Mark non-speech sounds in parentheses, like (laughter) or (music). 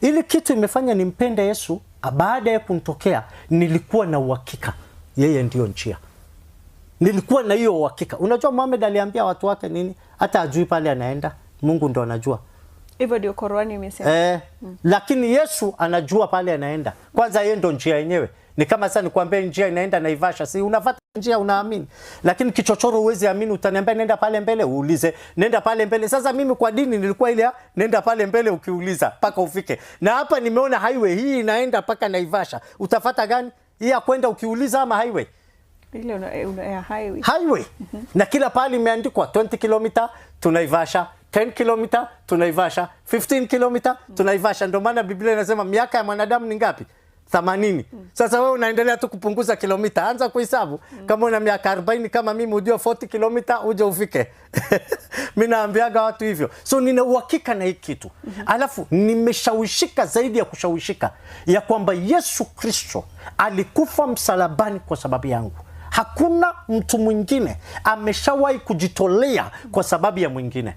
ili kitu imefanya nimpende Yesu. Baada ya kuntokea, nilikuwa na uhakika yeye ndiyo njia, nilikuwa na hiyo uhakika. Unajua, Muhammad aliambia watu wake nini? Hata ajui pale anaenda, Mungu ndo anajua. Hivyo ndio Qur'ani imesema eh, mm. Lakini Yesu anajua pale anaenda. Kwanza yeye ndo njia yenyewe. Ni kama sasa nikwambie njia inaenda Naivasha, si unafuata njia unaamini. Lakini kichochoro uwezi amini, utaniambia nenda pale mbele, uulize nenda pale mbele. Sasa mimi kwa dini nilikuwa ile nenda pale mbele, ukiuliza paka ufike. Na hapa nimeona highway hii inaenda paka Naivasha, utafuta gani hii ya kwenda ukiuliza, ama highway ile una, eh, una ya eh, highway highway mhm. na kila pale imeandikwa 20 km tunaivasha 10 km tunaivasha 15 km tunaivasha. Ndio maana Biblia inasema miaka ya mwanadamu ni ngapi? 80. Hmm. Sasa wewe unaendelea tu kupunguza kilomita, anza kuhesabu mm. Kama una miaka arobaini kama mimi, ujue 40 kilomita uje ufike (laughs) mi naambiaga watu hivyo, so nina uhakika na hii kitu mm -hmm. Alafu nimeshawishika zaidi ya kushawishika ya kwamba Yesu Kristo alikufa msalabani kwa sababu yangu. Hakuna mtu mwingine ameshawahi kujitolea kwa sababu ya mwingine.